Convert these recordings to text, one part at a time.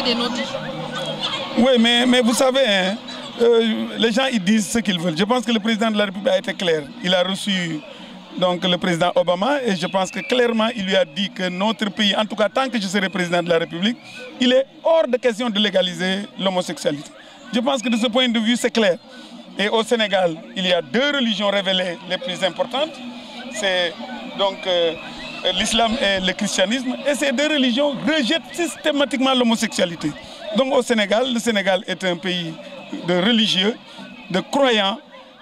côté a nôtres Oui, mais, mais vous savez, hein, euh, les gens Je pense que le président de la République a été clair. Il a reçu donc, le président Obama et je pense que clairement il lui a dit que notre pays, en tout cas tant que je serai président de la République, il est hors de question de légaliser l'homosexualité. Je pense que de ce point de vue, c'est clair. Et au Sénégal, il y a deux religions révélées les plus importantes. C'est donc... Euh, l'islam et le christianisme, et ces deux religions rejettent systématiquement l'homosexualité. Donc au Sénégal, le Sénégal est un pays de religieux, de croyants,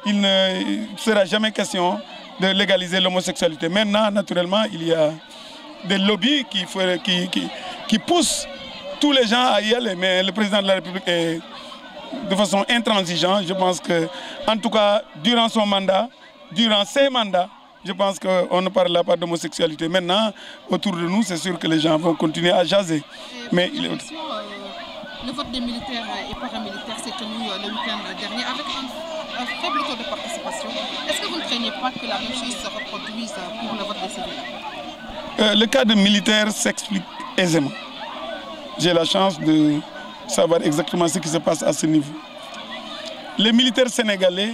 il ne sera jamais question de légaliser l'homosexualité. Maintenant, naturellement, il y a des lobbies qui, qui, qui, qui poussent tous les gens à y aller, mais le président de la République est de façon intransigeante. Je pense que, en tout cas, durant son mandat, durant ses mandats, Je pense qu'on ne parle pas d'homosexualité. Maintenant, autour de nous, c'est sûr que les gens vont continuer à jaser. Mais euh, Le vote des militaires et paramilitaires s'est tenu euh, le week de participation. que vous ne craignez euh, s'explique aisément. J'ai la chance de savoir exactement ce qui se passe à ce niveau. Les militaires sénégalais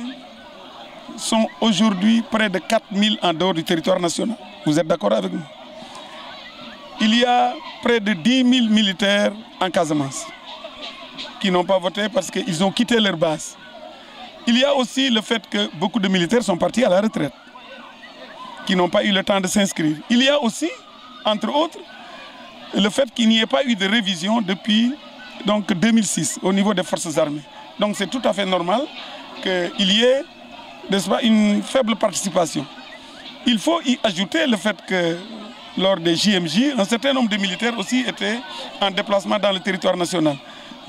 sont aujourd'hui près de 4000 en dehors du territoire national. Vous êtes d'accord avec nous Il y a près de 10 000 militaires en Casamance qui n'ont pas voté parce qu'ils ont quitté leur base. Il y a aussi le fait que beaucoup de militaires sont partis à la retraite, qui n'ont pas eu le temps de s'inscrire. Il y a aussi, entre autres, le fait qu'il n'y ait pas eu de révision depuis donc, 2006 au niveau des forces armées. Donc c'est tout à fait normal qu'il y ait n'est-ce pas, une faible participation. Il faut y ajouter le fait que lors des JMJ, un certain nombre de militaires aussi étaient en déplacement dans le territoire national.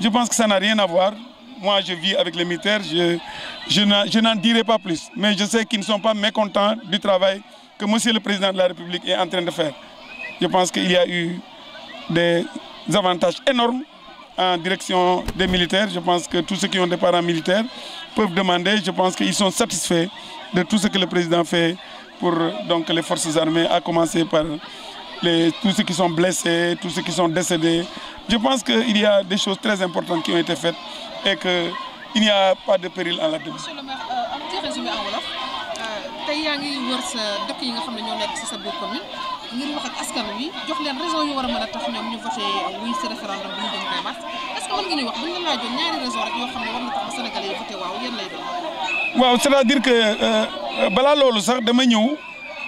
Je pense que ça n'a rien à voir. Moi, je vis avec les militaires, je, je n'en dirai pas plus. Mais je sais qu'ils ne sont pas mécontents du travail que Monsieur le Président de la République est en train de faire. Je pense qu'il y a eu des avantages énormes en direction des militaires. Je pense que tous ceux qui ont des parents militaires peuvent demander. Je pense qu'ils sont satisfaits de tout ce que le président fait pour donc, les forces armées, à commencer par les, tous ceux qui sont blessés, tous ceux qui sont décédés. Je pense qu'il y a des choses très importantes qui ont été faites et qu'il n'y a pas de péril en la demeure. Monsieur le euh, euh, commune ngir wax nga waaw yéen lay c'est-à-dire que euh, balaa loolu sax dama ñëw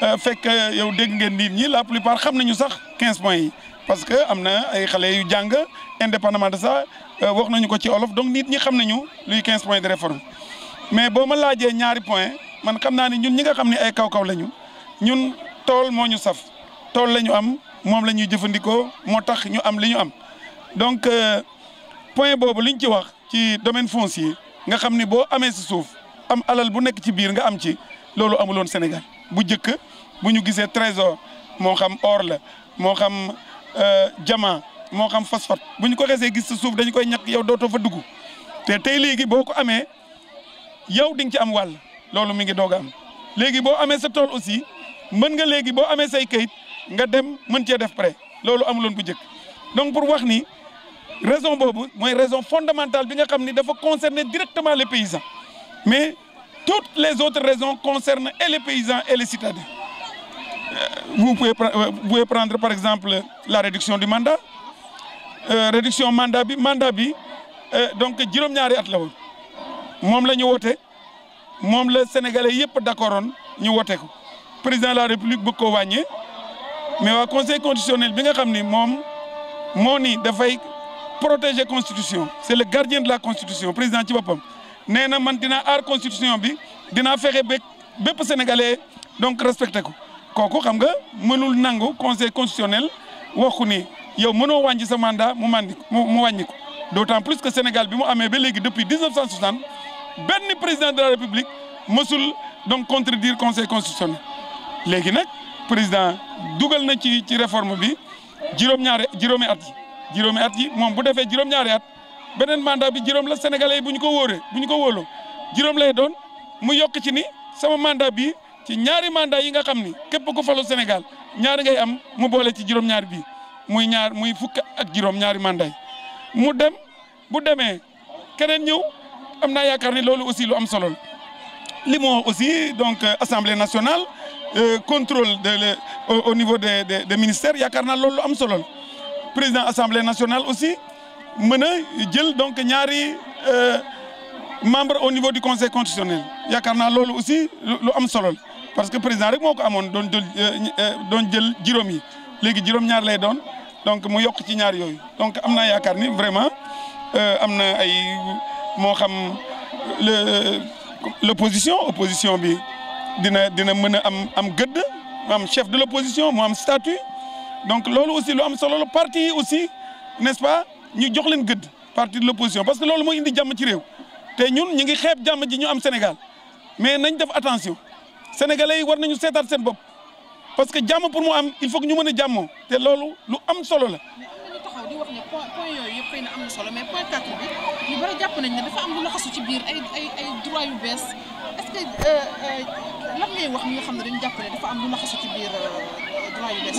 euh, fekk euh, yow dégg ngeen nit ñi la plupart xam nañu sax quinze points yi parce que am na ay xale yu jàng indépendamment de ça wax nañu ko ci olof donc nit ñi xam nañu luy quinze points de réforme mais boo ma laajee ñaari point man xam naa ni ñun ñi nga xam ne ay kaw-kaw lañu ñun tool moo ñu saf. tool la ñu am moom la ñuy jëfandikoo moo tax ñu am li ñu am donc euh, point boobu liñ ci wax ci domaine foncier nga xam ni boo amee sa suuf am alal bu nekk ci biir nga am ci loolu amuloon Sénégal bu njëkk bu ñu gisee trésor moo xam or la moo xam euh, diamant moo xam phosphate bu ñu ko xesee gis sa suuf dañu koy ñàkk yow dootoo fa dugg te tey léegi boo ko amee yow di nga ci am wàll loolu mi ngi doog a am léegi boo amee sa tool aussi mën nga léegi boo amee say kayit nga dem mën cee def prêt loolu amuloon bu njëkk donc pour wax ni raison boobu mooy raison fondamentale bi nga xam ni dafa concerner directement le paysans mais toutes les autres raisons concernent et les paysans et les citadins euh, euh, vous pouvez prendre par exemple la réduction du mandat euh, réduction mandat bi mandat bi donc juróom-ñaari at la woon moom la ñu woote moom la sénégalais yëpp d'accordoon ñu woote ko président la république bëgg ko wàññee mais waa conseil constitutionnel bi nga xam ni moom moo ni dafay protéger constitution c'est le gardien de la constitution président ci boppam nee na man dinaa aar constitution bi dinaa fexe ba bépp sénégalais donc respecté ko kooku xam nga mënul nangu conseil constitutionnel wax ko ni yow mënoo wàññi sa mandat mu mandi mu wàññi ko d'autant plus que Sénégal bi mu amee ba léegi depuis 1960 benn président de la république mësul donc contredire conseil constitutionnel léegi nag. président dugal na ci ci réforme bi juróom-ñaari juróomi at yi juróomi yi moom bu defee juróom-ñaari at beneen mandat bi juróom la sénégalais bu ñu ko wóoree bu ñu ko wóoloo juróom lay doon mu yokk ci ni sama mandat bi ci ñaari mandat yi nga xam ni képp ku falu Sénégal ñaari ngay am mu boole ci juróom-ñaari bii muy ñaar muy fukk ak juróom-ñaari mandat mu dem bu demee keneen ñëw am naa yaakaar ni loolu aussi lu am solo li mu aussi donc assemblée national Euh, contrôle de le au niveau des des ministères yaakaar naa loolu am solo président assemblée nationale aussi mën a jël donc ñaari euh, membre au niveau du conseil constitutionnel yaakaar naa loolu aussi lu am solo parce que président rek moo ko amoon doon jël euh, doon jël juróom yi léegi juróom-ñaar lay doon donc mu yokk ci ñaar yooyu donc am naa yaakaar ni vraiment am na ay moo xam le l'opposition opposition bi. dina dina mën a am am gëdd am chef de l' opposition mu am statut donc loolu aussi lu am solo la parti yi aussi n'est-ce pas ñu jox leen gëdd parti de l' parce que loolu moo indi jàmm ci réew te ñun ñu ngi xeeb jàmm ji ñu am Sénégal mais nañ def attention sénégalais yi war nañu seetaat seen bopp parce que jàmm pour mu am il foog ñu mën a jàmmoo te loolu lu am solo la point point yooyu yëpp fay na am na solo ci euh, euh, xam ne dañu jàpp ne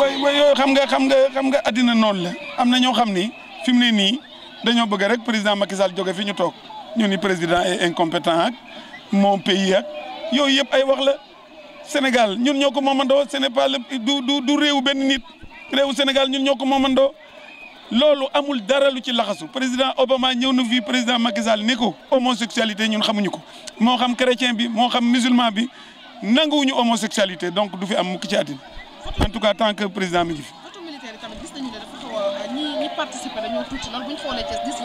euh, xam nga xam nga xam nga addina noonu la am na ñoo xam ni fi mu ne nii dañoo bëgg rek président Macky joge jóge fi ñu toog ñu ni président est incompétent ak mon pays ak yooyu yëpp ay wax la Sénégal ñun ñoo ko moomandoo ce n'est pas le du du du benn nit réewu Sénégal ñun ñoo ko moomandoo. loolu amul dara lu ci laxasu président Obama ñëw na fii président Macky Sall ne ko homosexualité ñun xamuñu ko moo xam chrétien bi moo xam musulman bi nanguwuñu homosexualité donc du fi am mukk ci àddina en tout cas tant que président mi ngi fi. vote militaire yi tamit a ah, ñi ñi participer dañoo tuuti est que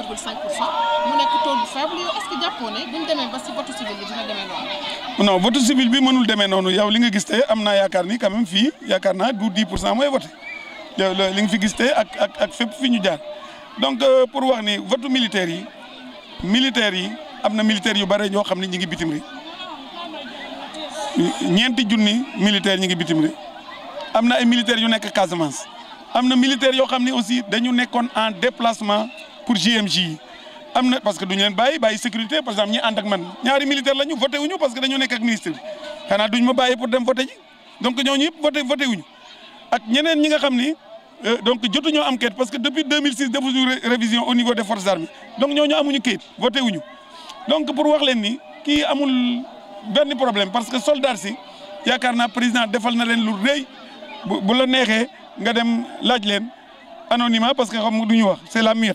jàppoo bi dina demee noonu. non vote civil bi mënul demee noonu yow li nga gis am naa yaakaar ni fii yaakaar naa du 10 pour cent mooy voté. li nga fi gis tey ak ak ak fépp fi ñu jaar donc euh, pour wax ni votu militaire yi militaire yi am na militaire yu bare ñoo xam ne ñi ngi bitim réew ñeenti junni militaire ñi ngi bitim réew am na ay militaires yu nekk Casamance am na militaire yoo xam ni aussi dañu nekkoon en déplacement pour GMG yi am na parce que duñu leen bàyyi bàyyi sécurité par exemple ñi ànd ak man ñaari militaire la ñu voté wuñu parce que dañu nekk ak ministre bi xanaa duñu ma bàyyi pour dem voté ji donc ñooñu yëpp voté voté wuñu ak ñeneen ñi nga xam ni euh, donc jotuñoo am kayit parce que depuis 2006 defuñu révision au niveau des forces armées donc ñooñu amuñu kayit voté wuñu donc pour wax leen ni kii amul benn problème parce que soldat si yaakaar naa président defal na leen lu rëy bu bu la neexee nga dem laaj leen anonymat parce que xam nga du ñu wax c'est la mire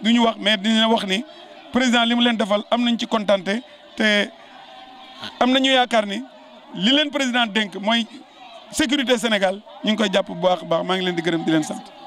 du ñu wax mais dina wax ni président li mu leen defal am nañ ci kontaan am nañu yaakaar ni li leen président dénk mooy. sécurité Sénégal ñu ngi koy jàpp bu ba a maa ngi leen di gërëm di leen sant.